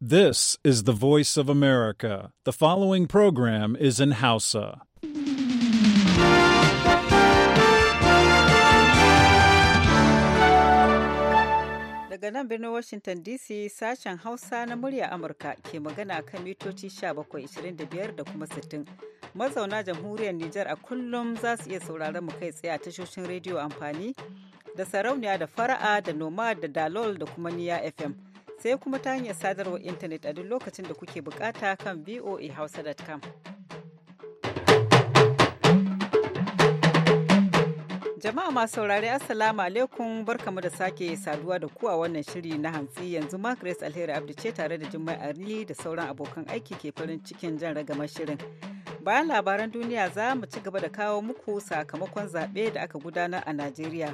This is the voice of America. The following program is in Hausa. Daga nan birnin Washington DC sashen Hausa na murya Amurka ke magana kan mitoci 1725 da kuma 60. Mazauna jamhuriyar Nijar a kullum za su iya sauraron mu kai tsaye a tashoshin rediyo amfani da sarauniya da fara'a da noma da dalol da kuma niya FM. sai kuma ta hanyar sadarwar intanet a duk lokacin da kuke bukata kan voahausa.com. Jama'a masu saurari Assalamu alaikum barkamu da sake saduwa da ku a wannan shiri na hantsi yanzu ma Grace Alheri Abdi ce tare da Jummai Ali da sauran abokan aiki ke farin cikin jan ragamar shirin. Bayan labaran duniya za mu ci gaba da kawo muku sakamakon zaɓe da aka gudanar a Najeriya.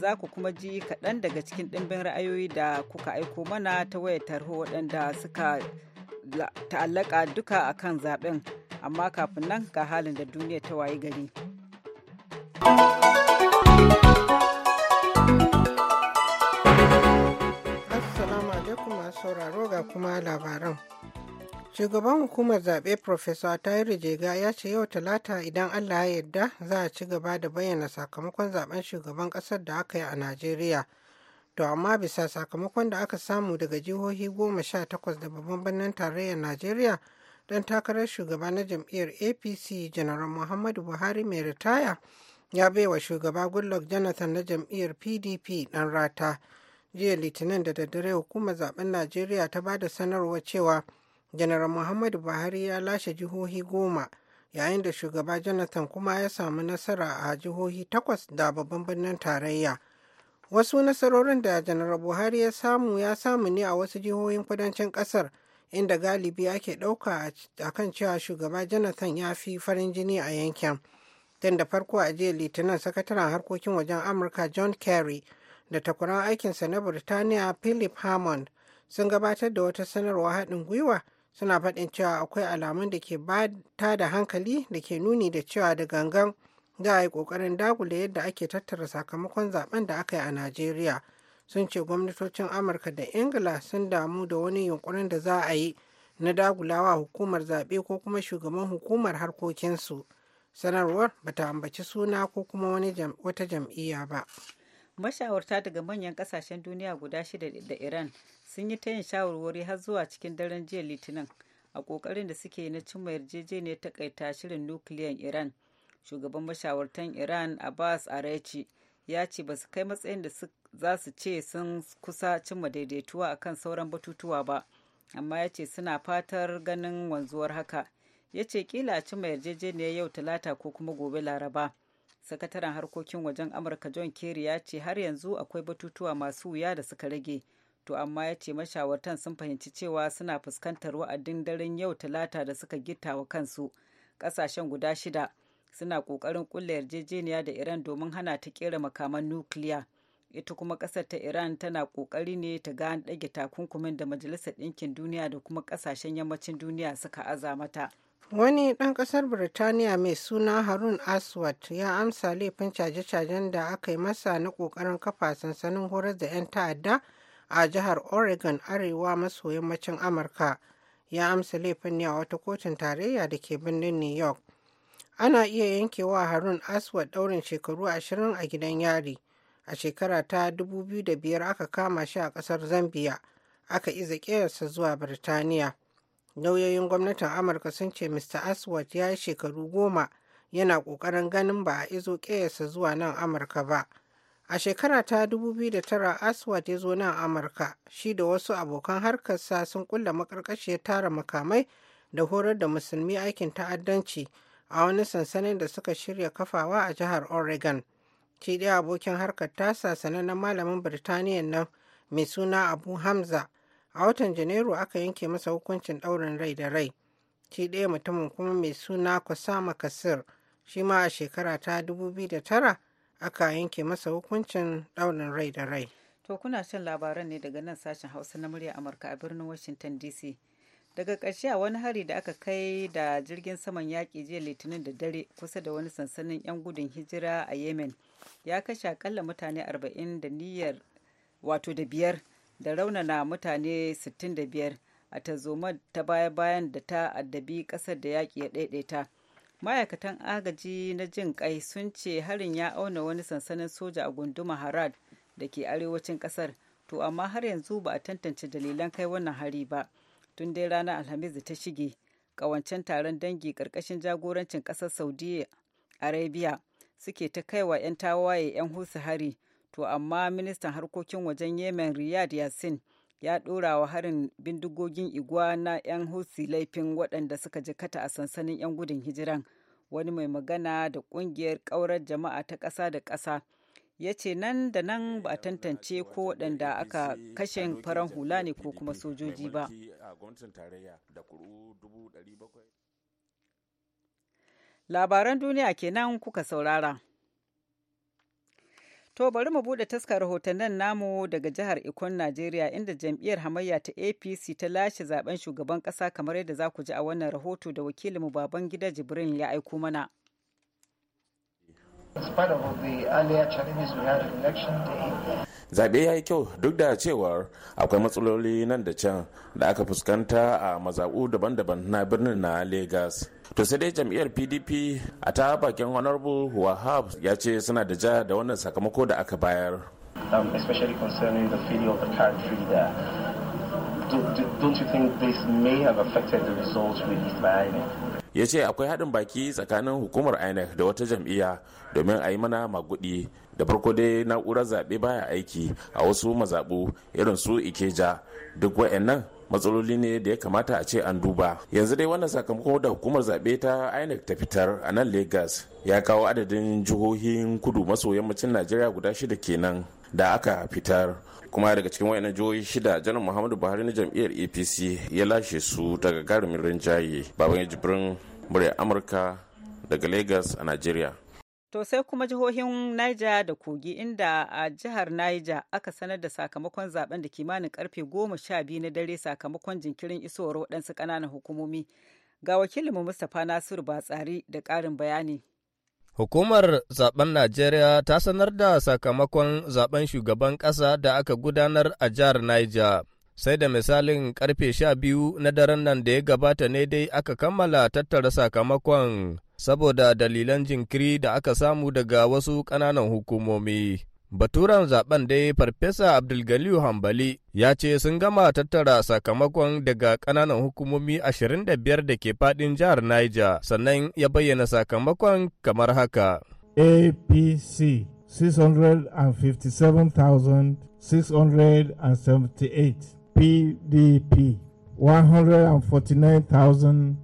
za ku kuma ji kaɗan daga cikin ɗimbin ra'ayoyi da kuka aiko mana ta wayar tarho waɗanda suka ta'allaka duka a kan zaɓen amma kafin nan ga halin da duniya ta wayi gari. Assalamu alaikum masu sauraro ga kuma labaran. Shugaban hukumar zaɓe Profesa Tayiru Jega ya ce yau Talata idan Allah ya yarda za a ci gaba da bayyana sakamakon zaben shugaban ƙasar da aka yi a Najeriya. To amma bisa sakamakon da aka samu daga jihohi goma sha takwas da babban birnin tarayyar Najeriya don takarar shugaba na jam'iyyar APC Janaral Muhammadu Buhari mai ritaya ya baiwa shugaba Goodluck Jonathan na jam'iyyar PDP ɗan rata. Jiya Litinin da daddare hukumar zaben Najeriya ta ba da sanarwa cewa janar muhammadu buhari ya lashe jihohi goma yayin da shugaba jonathan kuma ya samu nasara a jihohi takwas da babban birnin tarayya wasu nasarorin da janar buhari ya samu ya samu ne a wasu jihohin kudancin kasar inda galibi ake ɗauka a kan cewa shugaba jonathan ya fi farin jini a yankin tun da farko a jiya litinin sakataren harkokin wajen amurka john kerry da takwaran aikinsa na birtaniya philip hammond sun gabatar da wata sanarwa haɗin gwiwa suna faɗin cewa akwai alamun da ke ta da hankali da ke nuni da cewa da gangan za a yi ƙoƙarin dagula yadda ake tattara sakamakon zaben da aka yi a najeriya sun ce gwamnatocin amurka da ingila sun damu da wani yunkurin da za a yi na dagulawa hukumar zaɓe ko kuma shugaban hukumar harkokinsu sanarwar ba ta ambaci suna ko kuma wata jam'iyya ba mashawarta daga manyan kasashen duniya guda shida da iran sun yi ta yin shawarwari har zuwa cikin daren jiya litinin a kokarin da suke na cimma yarjejeniyar takaita shirin nukiliyan iran shugaban mashawartan iran abbas Arechi ya ce ba su kai matsayin da za su ce sun kusa cimma daidaituwa a kan sauran batutuwa ba amma ya ce suna fatar ganin wanzuwar haka ya ce kila cimma yarjejeniyar yau talata ko kuma gobe laraba sakataren harkokin wajen amurka john kerry ya ce har yanzu akwai batutuwa masu wuya da suka rage to amma ya ce mashawartan sun fahimci cewa suna fuskantar wa'adin daren yau talata da suka gita wa kansu kasashen guda shida suna kokarin kulle yarjejeniya da iran domin hana ta kera makaman nukiliya ita kuma kasar ta iran tana kokari ne ta ga an ɗage takunkumin da majalisar ɗinkin duniya da kuma kasashen yammacin duniya suka aza mata wani ɗan ƙasar birtaniya mai suna harun aswat ya amsa laifin caje-cajen da aka yi masa na ƙoƙarin kafa sansanin horar da 'yan ta'adda a jihar Oregon arewa maso yammacin Amurka ya amsa laifin ne a wata kotun tarayya da ke birnin New York. Ana iya yankewa Harun Aswad ɗaurin shekaru ashirin a gidan yari. A shekara ta dubu biyu da biyar aka kama shi a ƙasar Zambia, aka iza ƙeyarsa zuwa Birtaniya. Lauyoyin gwamnatin Amurka sun ce Mr. Aswad ya yi shekaru goma yana ƙoƙarin ganin ba a izo ƙeyarsa zuwa nan Amurka ba. A shekara ta 2009 Aswad ya zo nan Amurka, shi da wasu abokan harkarsa sun kulla makarkashiyar tara makamai da horar da musulmi aikin ta'addanci a wani sansanin da suka shirya kafawa a jihar Oregon. Shi ɗaya abokin harkar tasa sanannen malamin Birtaniya nan mai suna Abu Hamza. A watan Janairu aka yanke masa hukuncin ɗaurin rai da rai. Shi ɗaya mutumin kuma mai suna Kusama Kasir, shi ma a shekara ta 2009 aka yanke masa hukuncin daunin rai da rai. To kuna shan labaran ne daga nan sashen Hausa na murya Amurka a birnin Washington DC. Daga ƙarshe a wani hari da aka kai da jirgin saman yaƙi jiya Litinin da dare kusa da wani sansanin 'yan gudun hijira a Yemen ya kashe akalla mutane 40 da niyyar wato da biyar da raunana mutane 65 a tazoma ta baya-bayan da ta addabi ƙasar da yaƙi ya ɗaiɗaita. ma'aikatan agaji na jin kai sun ce harin ya auna wani sansanin soja a gunduma harad da ke arewacin kasar to amma har yanzu ba a tantance dalilan kai wannan hari ba tun dai ranar alhamis da ta shige kawancen taron dangi karkashin jagorancin kasar saudi arabia suke ta kaiwa 'yan tawaye 'yan husu hari to amma ministan harkokin wajen yemen riyad yasin ya ɗora wa harin bindigogin iguwa na 'yan hutsi laifin waɗanda suka jikata a sansanin 'yan gudun hijiran wani mai magana da ƙungiyar ƙaurar jama'a ta ƙasa da ƙasa ya ce nan da nan ba a tantance ko waɗanda aka kashe farar hula ne ko kuma sojoji ba labaran duniya kenan kuka saurara. To bari mu buɗe taskar rahotannin namu daga jihar Ikon Najeriya inda jam'iyyar hamayya ta APC ta lashe zaben shugaban kasa kamar yadda za ku ji a wannan rahoto da wakilinmu baban gida Jibrin ya aiko mana. Zaɓe ya yi kyau duk da cewar akwai matsaloli nan da can da aka fuskanta a mazaɓu daban-daban na birnin na Legas. to sai dai jam'iyyar pdp a ta bakin honorable wahab ya ce suna da ja da wannan sakamako da aka bayar Um, especially concerning the failure of the country there. don't you think this may have affected the results with by INEC? ya ce akwai haɗin baki tsakanin hukumar inec da wata jam'iyya domin a yi mana magudi da farko dai na'urar zaɓe baya aiki a wasu mazaɓu irin su ikeja duk wa'annan matsaloli ne da ya kamata a ce an duba yanzu dai wannan sakamako da hukumar zaɓe ta inec ta fitar a nan lagos ya kawo adadin jihohin kudu maso yammacin najeriya guda shida kenan da aka fitar kuma daga cikin wayannan jihohi shida janar muhammadu buhari na jam'iyyar apc ya lashe su daga garumin rinjaye baban jibrin murya amurka daga lagos a najeriya To sai kuma jihohin Niger da Kogi inda a jihar Niger aka sanar da sakamakon zaben da kimanin karfe goma sha biyu na dare sakamakon jinkirin isowar waɗansu ƙananan hukumomi. Ga wakilinmu Mustapha Nasiru Batsari da ƙarin bayani. Hukumar zaben Najeriya ta sanar da sakamakon zaben shugaban ƙasa da aka gudanar a jihar Niger. Sai da misalin karfe sha biyu na daren nan da ya gabata ne dai aka kammala tattara sakamakon saboda dalilan jinkiri da aka samu daga wasu ƙananan hukumomi. Baturan zaben dai Farfesa Abdulgaliu Hambali ya ce sun gama tattara sakamakon daga ƙananan hukumomi 25 da ke faɗin jihar Niger sannan ya bayyana sakamakon kamar haka. APC 657,678 PDP 149,000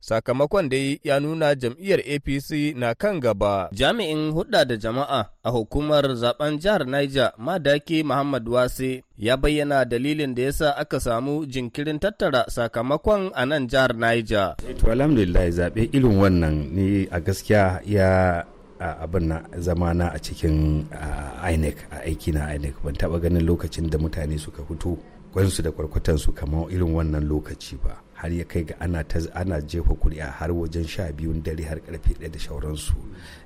Sakamakon dai ya nuna jam'iyyar APC na kan gaba. Jami'in hudda da jama'a a hukumar zaben jihar Niger Madaki Muhammad Wase ya bayyana dalilin da yasa aka samu jinkirin tattara sakamakon a nan jihar Niger. Eh, to alhamdulillah zaɓe irin wannan ni a gaskiya ya abin na zamana a cikin INEC a aiki na INEC ban taɓa ganin lokacin da mutane suka fito su da kwarkwatansu kamar irin wannan lokaci ba. har ya kai ga ana ana jefa kuri'a har wajen sha biyun dare har karfe ɗaya da shauransu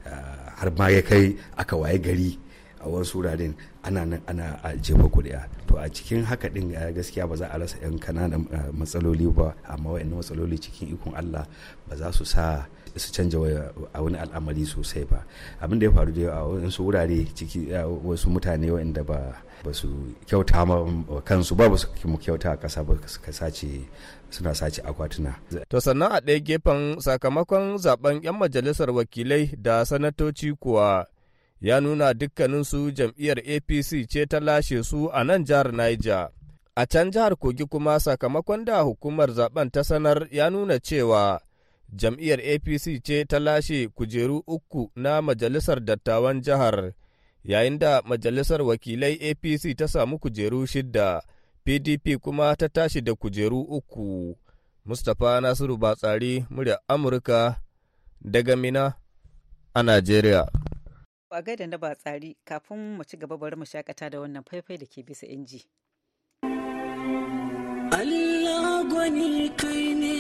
ah, har ma ya kai aka waye gari a wasu wuraren ana nan ana jefa kuri'a to a cikin haka din eh, gaskiya ba za a rasa yan kananan eh, matsaloli ba amma wayannan matsaloli cikin ikon Allah ba za su sa su canja a wani al'amari sosai ba abin da ya faru da a wasu wurare ciki wasu mutane wayanda ba ba su kyauta ma kansu ba ba su kyauta a kasa ba ka sace suna sace akwatuna. To sannan a ɗaya gefen sakamakon zaben 'yan majalisar wakilai da sanatoci kuwa ya nuna dukkaninsu jam'iyyar APC ce ta lashe su a nan jihar Niger. A can jihar Kogi kuma sakamakon da hukumar zaben ta sanar ya nuna cewa jam'iyyar APC ce ta lashe kujeru uku na majalisar dattawan jihar. yayin da majalisar wakilai apc ta samu kujeru shidda pdp kuma ta tashi da kujeru uku mustapha nasiru batsari murya amurka daga mina a najeriya a gaida na batsari kafin mu ci gaba bari mu shakata da wannan faifai da ke bisa inji Allah gwani kai ne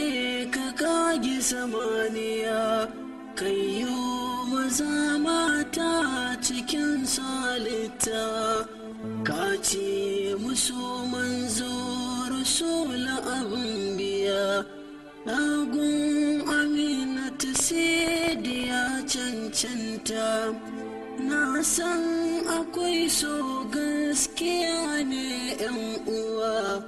ka kage samaniya kayyo maza mata cikin salita ka ce musu manzo rasul anbiya Amina ta sai da ya cancanta na san akwai so gaskiya ne yan uwa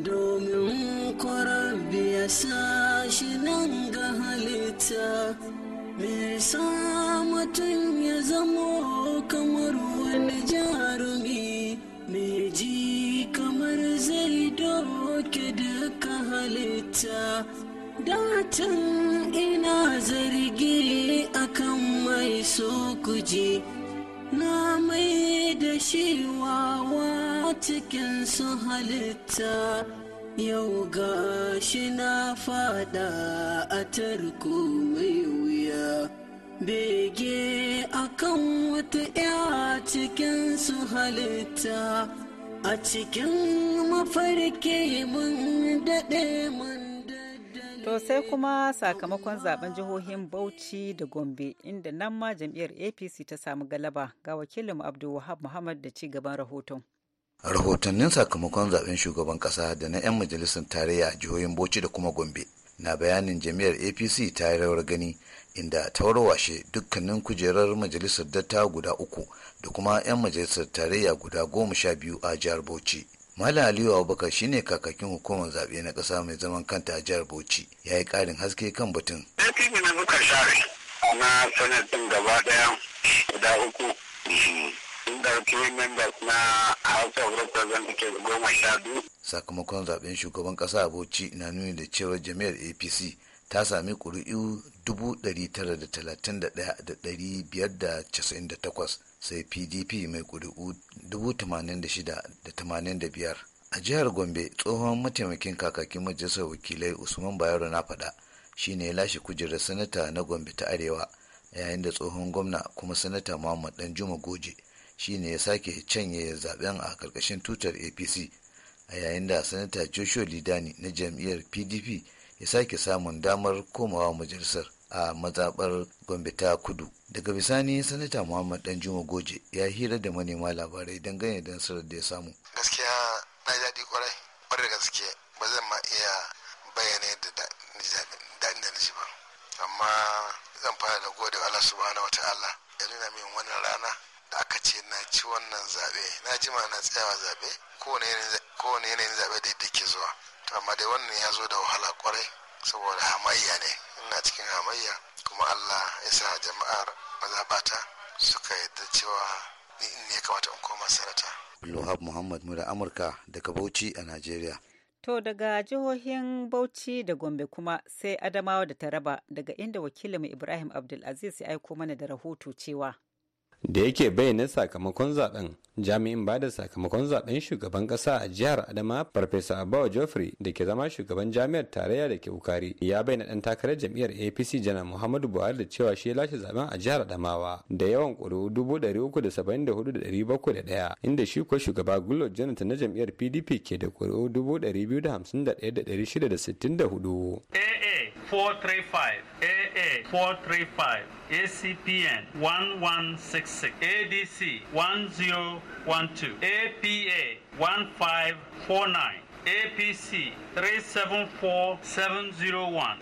domin kwarar ya sa shi nan ga halitta me sa mutum ya zamo kamar wani jarumi me ji kamar zai doke duka halitta datan ina zargi akan mai so kuje na mai da shi wawa cikin su halitta yau ga shi na fada a tarko mai wuya bege akan wata ya cikin su halitta a cikin mafarki mun daɗe mun To sai kuma sakamakon zaben jihohin Bauchi da Gombe inda nan ma jam'iyyar APC ta samu galaba ga wakilin Abdulwahab Wahab Muhammad da ci gaban rahoton. rahotannin sakamakon zaben shugaban kasa da na 'yan majalisar tarayya a jihohin bauchi da kuma gombe na bayanin jami'ar apc ta yi rawar gani inda ta warwashe dukkanin kujerar majalisar datta guda uku da kuma 'yan majalisar tarayya guda goma sha biyu a jihar bauchi malam aliyu abubakar shine kakakin hukumar zaɓe na ƙasa mai zaman kanta a jihar bauchi ya yi ƙarin haske kan batun na gaba guda uku ɗauki members na House of Representatives goma sha biyu. Sakamakon zaben shugaban ƙasa Bauchi na nuni da cewa jami'ar APC ta sami ƙuri'u takwas sai PDP mai ƙuri'u biyar. A jihar Gombe tsohon mataimakin kakakin majalisar wakilai Usman Bayero na faɗa shine ya lashe kujerar sanata na Gombe ta Arewa yayin da tsohon gwamna kuma sanata Muhammad Danjuma Goje Shi ne ya sake canye zaben a karkashin tutar apc a yayin da sanata joshua lidani na jam'iyyar pdp ya sake samun damar komawa majalisar a mazaɓar gombe ta kudu daga bisani sanata muhammad danjuma goje ya hira da manema labarai dangane da nasarar da ya samu gaskiya jima na tsayawa zaɓe wani yanayin zaɓe da yadda ke zuwa to amma dai wannan ya zo da wahala kwarai saboda hamayya ne ina cikin hamayya kuma allah ya sa jama'ar mazabata suka yadda cewa ni ne ya kamata in koma sarata. Lohab Muhammad Mura Amurka daga Bauchi a nigeria To daga jihohin Bauchi da Gombe kuma sai Adamawa da Taraba daga inda wakilinmu Ibrahim Abdulaziz ya aiko mana da rahoto cewa da yake bayyana sakamakon zaben jami'in ba da sakamakon zaben shugaban kasa a jihar adama farfesa abawa joffrey da ke zama shugaban jami'ar tarayya da ke ukari ya bayyana dan takarar jam'iyyar apc janar muhammadu buhari da cewa shi ya lashe zaben a jihar adamawa da yawan ƙuri'u dubu ɗari uku da saba'in da hudu da ɗari da ɗaya inda shi ko shugaba gullo jonathan na jam'iyyar pdp ke da ƙuri'u dubu ɗari biyu da hamsin da ɗaya da ɗari shida da sittin da hudu. 435 AA 435 ACPN 1166 ADC 1012 APA 1549 APC 374701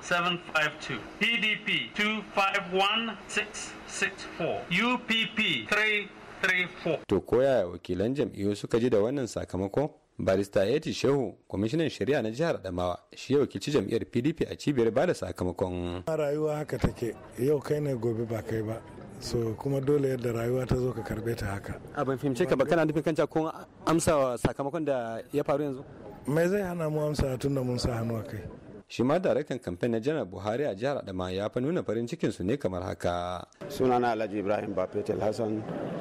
752 PDP 251664 UPP 334 To koya wakilan jam'iyyu suka ji da wannan sakamako? barista eti shehu kwamishinan shari'a na jihar adamawa shi ya wakilci jam'iyyar pdp a cibiyar bada sakamakon rayuwa haka take yau kai ne gobe ba kai ba so kuma dole yadda rayuwa ta zo ka karbe ta haka abin ban ka ba kana nufin kanta ko amsa sakamakon da ya faru yanzu mai zai hana mu amsa tun da mun sa hannu a kai shi ma daraktan kamfen na janar buhari a jihar adama ya fa nuna farin cikin su ne kamar haka sunana alhaji ibrahim bafetel hassan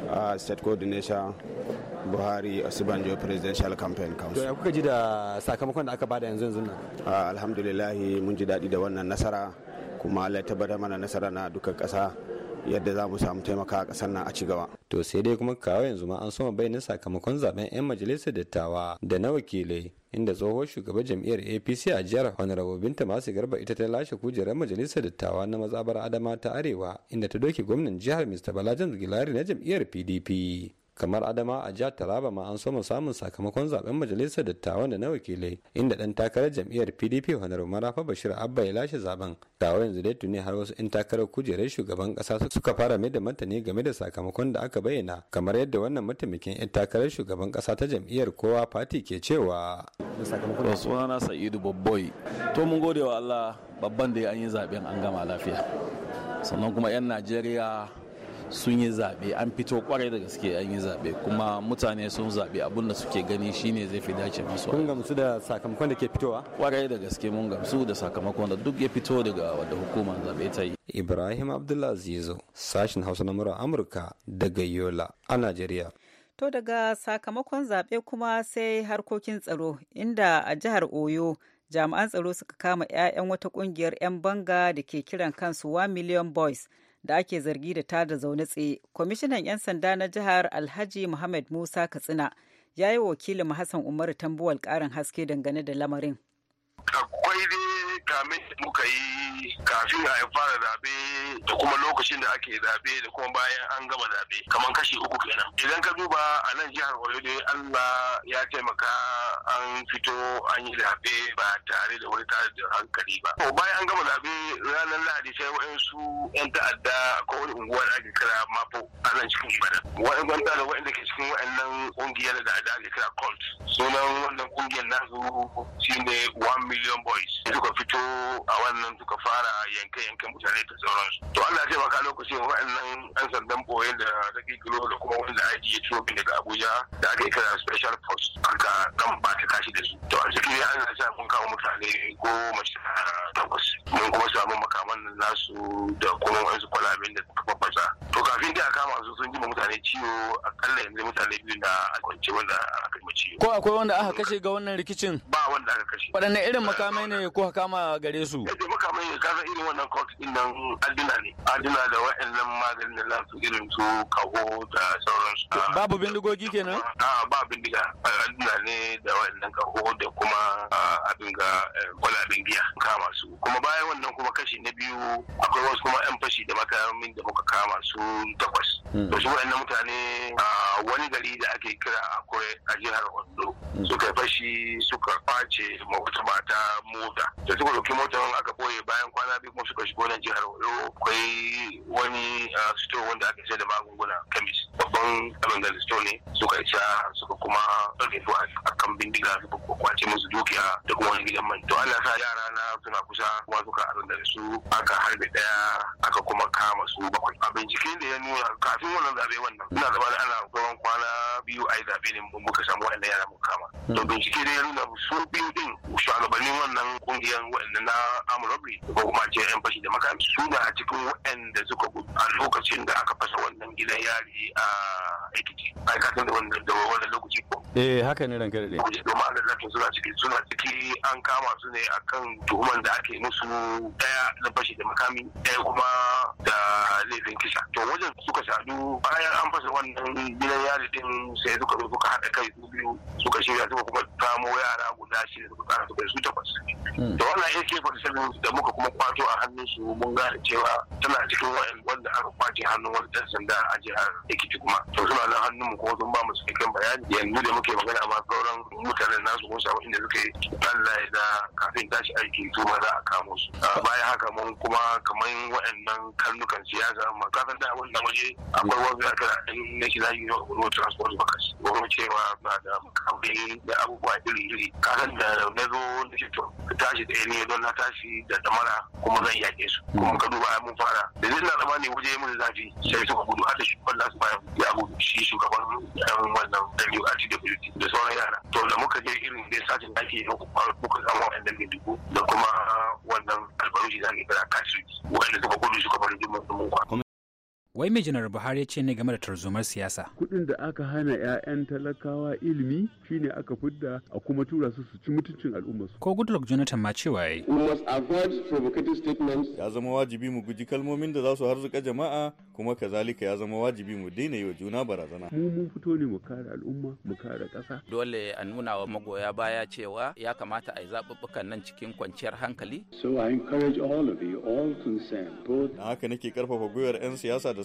a state coordination buhari osibanjo presidential campaign council ya kuka ji da sakamakon da aka bada yanzu yanzu nan alhamdulillah mun ji daɗi da wannan nasara kuma allah ya tabbatar mana nasara na dukkan ƙasa yadda za mu samu taimaka a ƙasar nan a cigaba. gaba. To sai dai kuma kawo yanzu ma an soma bayyana sakamakon zaben 'yan majalisar dattawa da na wakilai inda tsohon shugaban jam'iyyar apc a jihar honorable binta masu garba ita ta lashe kujerar majalisar dattawa na mazabar adama ta arewa inda ta doke gwamnan jihar mr balajan gilari na jam'iyyar pdp kamar adama a jihar taraba ma an soma samun sakamakon zaben majalisar dattawan da na wakilai inda dan takarar jam'iyyar pdp honorable marafa bashir abba ya lashe zaben kawo yanzu dai tuni har wasu yan takarar kujerar shugaban kasa suka fara mai da martani game da sakamakon da aka bayyana kamar yadda wannan mataimakin yan takarar shugaban kasa ta jam'iyyar kowa fati ke cewa sunana sa'idu babboi to mun gode wa allah babban da ya an yi zaben an gama lafiya sannan kuma yan najeriya sun yi zaɓe an fito kwarai da gaske an yi zaɓe kuma mutane sun zaɓe abinda suke gani shine zai fi dace masu mun gamsu da sakamakon da ke fitowa kwarai da gaske mun gamsu da sakamakon da duk ya fito daga wadda hukumar zaɓe ta yi ibrahim abdulaziz sashen hausa na mura amurka daga yola a najeriya To daga sakamakon zaɓe kuma sai harkokin tsaro inda a jihar Oyo jami'an tsaro suka kama 'ya'yan wata ƙungiyar 'yan banga da ke kiran kansu 1 million boys da ake zargi da tada zaune tsaye kwamishinan 'yan sanda na jihar alhaji muhammad musa katsina ya yi wakilin hassan umaru tambuwal karin haske dangane da lamarin akwai dai kamin muka yi kafin a fara zabe da kuma lokacin da ake zabe da kuma bayan an gama zabe kamar kashi uku kenan idan ka duba a nan jihar Oyo Allah ya taimaka an fito an yi zabe ba tare da wani tare da hankali ba to bayan an gama zabe ranar Lahadi sai waɗansu 'yan ta'adda ko wani unguwa da ake kira Mapo a nan cikin Ibadan wa'in gwanta da wa'inda ke cikin wayannan kungiyar da ake kira Cult sunan wannan kungiyar nasu shine 1 million boys suka fito fito a wannan suka fara yanke yanke mutane da sauransu to Allah ya taimaka lokacin wa'annan an sandan boye da ta kilo da kuma wanda aiki ya ciro daga Abuja da aka kira special force aka kan ba ta kashi da su to a cikin ya Allah sa mun kawo mutane ko sha takwas mun kuma samu makaman nasu da kuma su kwalaben da suka babbaza to kafin da kama su sun ji mutane ciwo akalla yanzu mutane biyu na kwance wanda aka kai ciwo ko akwai wanda aka kashe ga wannan rikicin ba wanda aka kashe waɗanne irin makamai ne ko kama gare su yadda muka mai ka san irin wannan court din nan adina ne adina da wa'annan maganin da za su irin su kaho da sauransu babu bindigogi kenan a ba bindiga adina ne da wa'annan kaho da kuma abin ga eh, kwalabin giya kama su kuma bayan wannan kuma kashi na biyu akwai wasu kuma yan fashi da makamin da muka kama su takwas Wasu hmm. su wa'annan mutane wani gari da ake kira akwai a jihar ondo hmm. suka fashi suka kwace ma wata mata mota suka ɗauki motar aka ɓoye bayan kwana biyu kuma suka shigo nan jihar Oyo akwai wani ah, sito wanda aka sayar da magunguna kemis babban da listo ne suka isa suka kuma ɗauke zuwa a kan bindiga suka kwace musu dukiya da kuma wani gidan man to Allah sa yara na suna kusa kuma suka da su aka harbe ɗaya aka kuma kama su bakwai a bincike da ya nuna kafin wannan zabe wannan ina zama da ana goron kwana biyu a yi zabe ne muka samu waɗannan yara mun kama hmm. to bincike da ya nuna su biyu din shugabannin wannan kungiyar waɗanda na amurabri ko kuma ce yan fashi da makami su na cikin waɗanda suka gudu a lokacin da aka fasa wannan gidan yari a a Ai da wannan lokaci ko? Eh haka ne ranka daɗe. domin Allah suna ciki suna ciki an kama su ne akan tuhuman da ake musu daya na fashi da makami daya kuma da laifin kisa. To wajen suka sadu bayan an fasa wannan gidan yari din sai suka zo suka haɗa kai su biyu suka shirya suka kuma samo yara guda shida suka tsara suka su takwas da hmm. wannan ak da muka kuma kwato a hannun su mun gane cewa tana cikin wanda aka kwace hannun wani dan sanda a jihar ekiti kuma to suna nan hannun mu kuma sun ba mu cikakken bayani yanzu da muke magana amma sauran mutanen nasu mun samu inda suka yi Allah ya da kafin tashi aiki su ma za a kamo su bayan haka mun kuma kamar waɗannan karnukan siyasa amma kafin da wannan waje akwai wani aka national union of transport workers wani cewa na da kamfe da abubuwa iri-iri kasan da na zo da shi to tashi ɗaya ne don na tashi da damara kuma zan yaƙe su kuma ka duba mun fara da zai na zama ne waje mun zafi sai suka gudu har da shugaban nasu bayan ya gudu shi shugaban ɗan wannan WRTWT da sauran yara to da muka je irin dai satin da ake yi muka samu wa'annan ne dubu da kuma wannan albarushi da ake kira kasiri wa'anda suka gudu suka bari duk mun kwa. Wai mai janar Buhari ya ce ne game da tarzomar siyasa. Kuɗin da aka hana 'ya'yan talakawa ilimi shine aka fidda a kuma tura su su ci mutuncin su. Ko Goodluck Jonathan ma cewa yayi. We Ya zama wajibi mu guji kalmomin da za su harzuka jama'a kuma kazalika ya zama wajibi mu daina yi wa juna barazana. Mu mun fito ne mu kare al'umma mu kare ƙasa. Dole a nuna wa magoya baya cewa ya kamata a yi zaɓuɓɓukan nan cikin kwanciyar hankali. So I encourage all of you all concerned. Na haka nake karfafa gwiwar 'yan siyasa da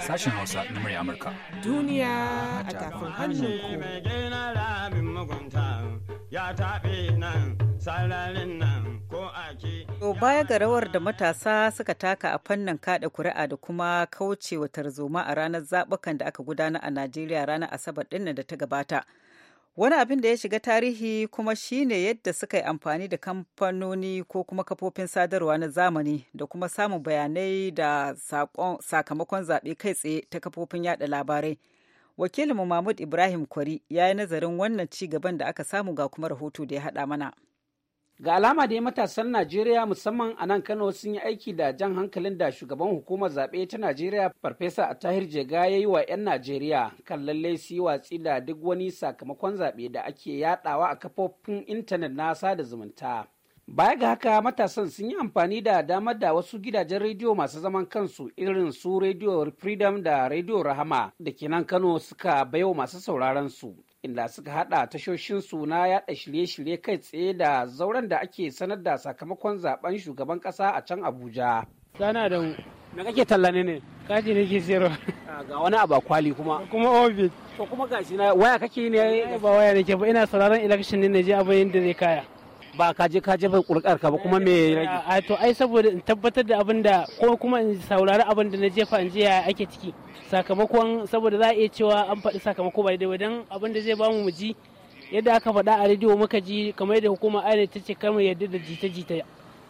Sashen Hausa na murya Amurka. Duniya a tafin hannunku. Ya taɓe nan, To baya ga rawar da matasa suka taka a fannin kada kuri'a da kuma kaucewa tarzoma a ranar zaɓukan da aka gudana a Najeriya ranar Asabar ɗin da ta gabata. wani abin da ya shiga tarihi kuma shine yadda suka yi amfani da kamfanoni ko kuma kafofin sadarwa na zamani da kuma samun bayanai da sakamakon zaɓe kai tsaye ta kafofin yada labarai wakilinmu mahmud ibrahim kwari ya yi nazarin wannan ci gaban da aka samu ga kuma rahoto da ya haɗa mana ga alama da ya matasan najeriya musamman a nan kano sun yi aiki da jan hankalin da shugaban hukumar zaɓe ta najeriya farfesa atahir jega ya yi wa 'yan najeriya kan lallai su yi watsi da duk wani sakamakon zaɓe da ake yadawa a kafofin intanet na sada zumunta baya ga haka matasan sun yi amfani da damar da wasu gidajen rediyo masu zaman kansu irin su rediyo freedom da rediyo rahama da ke nan kano suka baiwa masu sauraron su inda suka hada tashoshin suna yada shirye-shirye kai tsaye da zauren da ake sanar da sakamakon zaben shugaban kasa a can abuja sana da me kake talla ne ne kaji ne ke zero. ga wani abu kwali kuma kuma office. to kuma gashi na waya kake ne ba waya nake ba ina sauraron election ne na je abin da zai kaya ba ka je ka jefa kurkar ka ba kuma me rage a to ai saboda in tabbatar da abin da ko kuma in saurari abin da na jefa in ji yaya ake ciki sakamakon saboda za a iya cewa an faɗi sakamako ba daidai dan abin da zai ba mu ji yadda aka faɗa a rediyo muka ji kamar yadda hukuma ainihin ta ce kamar yadda da jita-jita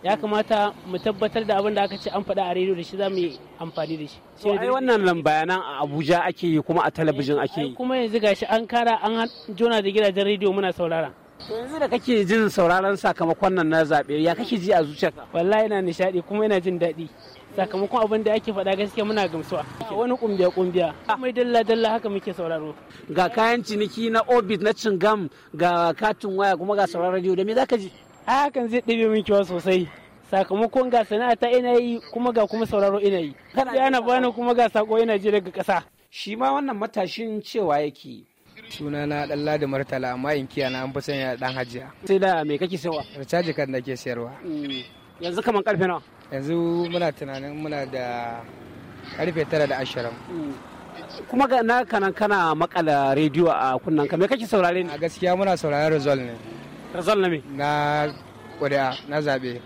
ya kamata mu tabbatar da abin da aka ce an faɗa a rediyo da shi za mu yi amfani da shi. To ai wannan bayanan a Abuja ake yi kuma a talabijin eh, ake yi. Kuma yanzu gashi an kara an jona da gidajen rediyo muna saurara. yanzu da kake jin sauraron sakamakon nan na zaɓe ya kake ji a zuciyarka wallahi ina nishaɗi kuma ina jin daɗi sakamakon abin da ake faɗa gaskiya muna gamsuwa wani kumbiya kumbiya mai dalla dalla haka muke sauraro ga kayan ciniki na orbit na cingam ga katin waya kuma ga sauraron radio da me zaka ji hakan zai ɗebe min kiwa sosai sakamakon ga sana'a ta ina yi kuma ga kuma sauraro ina yi kana bani kuma ga sako ina ji daga ƙasa shi ma wannan matashin cewa yake suna na dan ladi martala amma in kiyana an fi sanya dan hajiya sai da me kake sayarwa ricaji kan ke sayarwa mm. yanzu kaman karfe nawa yanzu muna tunanin muna da karfe tara da ashirin mm. kuma ga na kanan kana makala rediyo a kunnan ka me kake saurare ne a gaskiya muna sauraren result ne result na me na kuri'a na zabe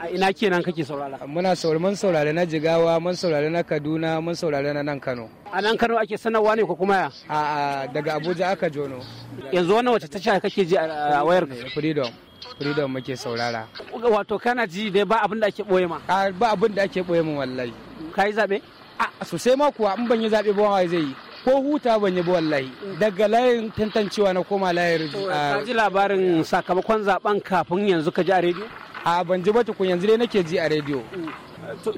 a ina kenan kake saurara muna saurari mun saurari na jigawa mun saurari na kaduna mun saurari na nan kano a nan kano ake sanarwa ne ko kuma ya a daga abuja aka jono yanzu wannan wata tasha kake ji a wayar eh, freedom freedom muke saurara wato kana ji dai ba abin da ake boye ma ba abin da ake boye mu wallahi kai zabe a sosai ma kuwa in ban yi zabe ba wai zai yi ko huta ban yi ba wallahi daga layin tantancewa na koma layar ka ji labarin sakamakon zaben kafin yanzu ka ji a rediyo a ban ji ba tukun yanzu dai nake ji a rediyo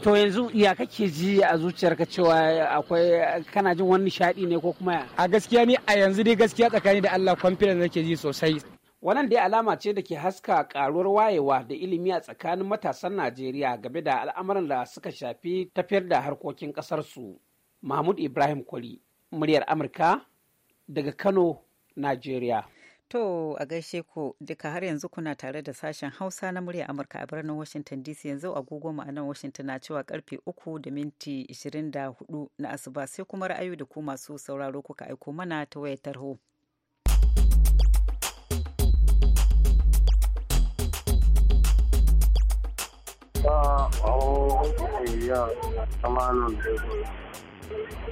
to yanzu ya kake ji a zuciyarka cewa akwai kana jin wani nishadi ne ko kuma a gaskiya ni a yanzu dai gaskiya tsakani da Allah confidence nake ji sosai wannan dai alama ce da ke haska karuwar wayewa da ilimi a tsakanin matasan Najeriya game da al'amuran da suka shafi tafiyar da harkokin kasar su Mahmud Ibrahim Kwari muryar Amurka daga Kano Najeriya To a gaishe ku duka har yanzu kuna tare da sashen Hausa na murya Amurka a birnin Washington DC yanzu agogo mu a nan Washington na cewa karfe 3 da minti 24 na asuba sai kuma ra'ayi da ku masu sauraro kuka aiko mana ta wayar tarho.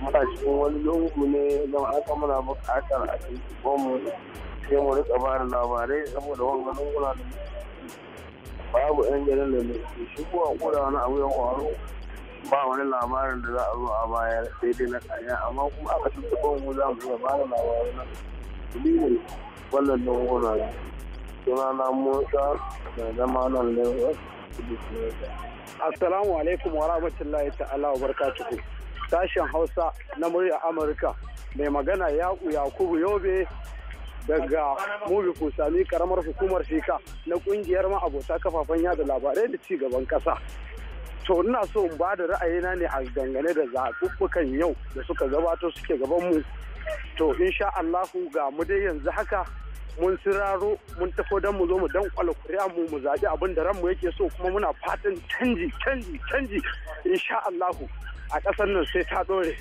Muna cikin wani lungu ne don aka muna bukatar a cikin mu sai mu rika ba da labarai saboda wanga lunguna da babu yan garin da mai shi ko a koda wani abu ya faru ba wani labarin da za a zo a bayar sai dai na kanya amma kuma aka tuntuɓa mu za mu iya ba da labarai na dalilin wannan lunguna Suna na musa da zama nan lagos assalamu alaikum wa rahmatullahi ta'ala wa barakatuhu sashen hausa na murya amurka mai magana yaƙu yakubu yobe daga mubi sami karamar hukumar sheka na kungiyar ma'abota kafafen yada labarai da cigaban kasa to ina so in ba da ra'ayina ne a dangane da zaɓuɓɓukan yau da suka gabato suke gaban mu to insha Allahu ga mu dai yanzu haka mun siraro mun tafi don mu zo mu dankwala kuri'a mu mu zaɓi abin da ranmu yake so kuma muna fatan canji canji canji insha Allahu a ƙasar nan sai ta ɗore.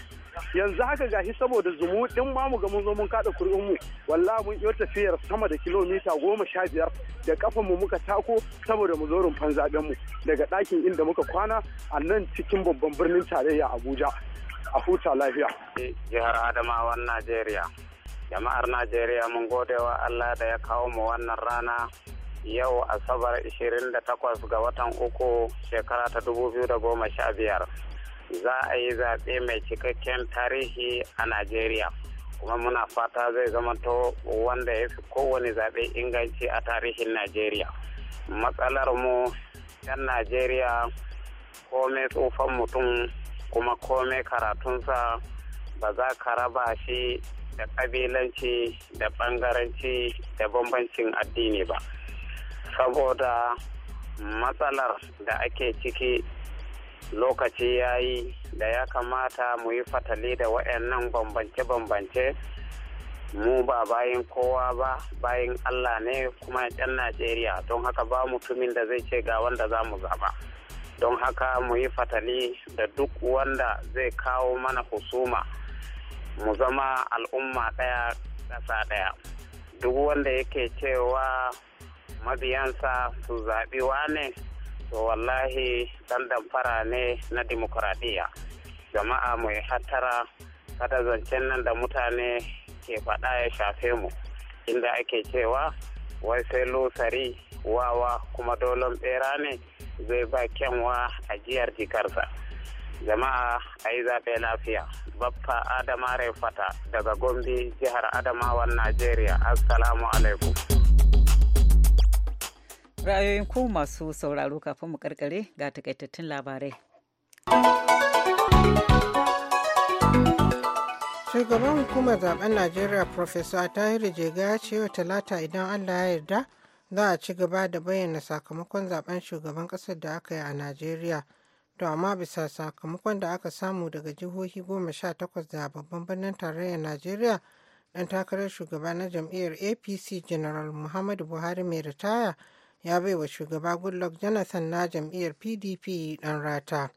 yanzu haka gashi saboda zumuɗin ma mu ga mun zo mun kada mu wallahi mun yi tafiyar sama da kilomita goma sha biyar da kafan mu muka tako saboda mu zo rumfan zaben mu daga ɗakin inda muka kwana a nan cikin babban birnin tarayya Abuja a huta lafiya. Jihar Adamawan Najeriya. Jama'ar Najeriya mun gode wa Allah da ya kawo mu wannan rana yau Asabar 28 ga watan uku shekara ta 2015. za a yi zaɓe mai cikakken tarihi a najeriya kuma muna fata zai zamanto wanda ya fi kowane zaɓe inganci a tarihin najeriya matsalar mu yan najeriya kome tsufan mutum kuma kome karatunsa ba za ka raba shi da ƙabilanci da ɓangaranci da bambancin addini ba saboda matsalar da ake ciki lokaci ya yi da ya kamata mu yi fatali da waɗannan bambance-bambance mu ba bayan kowa ba bayan allah ne kuma 'yan najeriya don haka ba mutumin da zai ce ga wanda za mu zaba don haka mu yi fatali da duk wanda zai kawo mana husuma mu zama al'umma ɗaya ƙasa ɗaya duk wanda yake cewa mabiyansa su zaɓi wane to wallahi dan damfara ne na dimokuraɗiyya jama'a mai hatara kada zancen nan da mutane ke faɗa ya shafe mu inda ake cewa wai sai losari wawa kuma dolon bera ne zai ba kyanwa a ajiyar jikarsa jama'a a yi zaɓe lafiya baffa adama fata daga gombe jihar adamawan najeriya assalamu alaikum ra'ayoyin ku masu sauraro kafin mu karkare ga takaitattun labarai shugaban hukumar zaben najeriya profesor tahiru jega ya ce yau talata idan allah ya yarda za a ci gaba da bayyana sakamakon zaben shugaban kasar da aka yi a najeriya to amma bisa sakamakon da aka samu daga jihohi goma sha takwas da babban birnin tarayyar najeriya ɗan takarar shugaba na jam'iyyar apc general muhammadu buhari mai ritaya ya baiwa shugaba goodluck jonathan na jam'iyyar pdp dan rata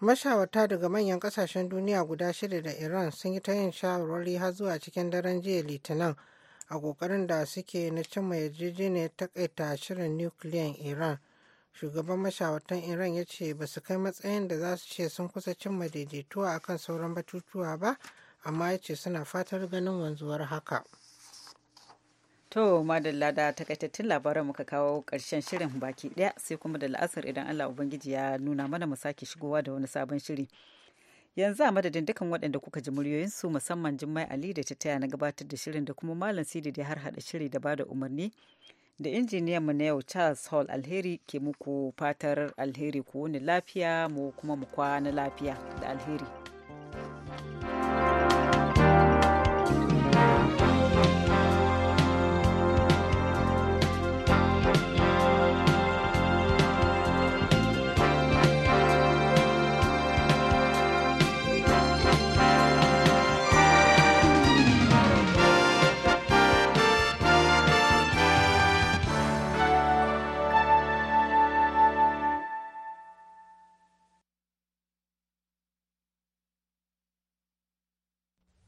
mashawarta daga manyan kasashen duniya guda shida da iran sun yi ta yin shawarwari har zuwa cikin daren jiya litinin a kokarin da suke na cimma yarjejeniyar takaita shirin nukiliyan iran shugaban mashawartan iran ya ce ba su kai matsayin da za su ce sun kusa cimma daidaituwa akan sauran batutuwa ba amma ya ce suna fatar ganin wanzuwar haka. To madalla da takaitattun labaran muka kawo ƙarshen shirin baki ɗaya sai kuma da la'asar idan Allah Ubangiji ya nuna mana mu sake shigowa da wani sabon shiri. Yanzu a madadin dukan waɗanda kuka ji muryoyinsu musamman Jummai Ali da ta taya na gabatar da shirin da kuma Malam Sidi da har haɗa shiri da bada umarni da injiniyan mu na yau Charles Hall Alheri ke muku fatar alheri ku wuni lafiya mu kuma mu kwana lafiya da alheri.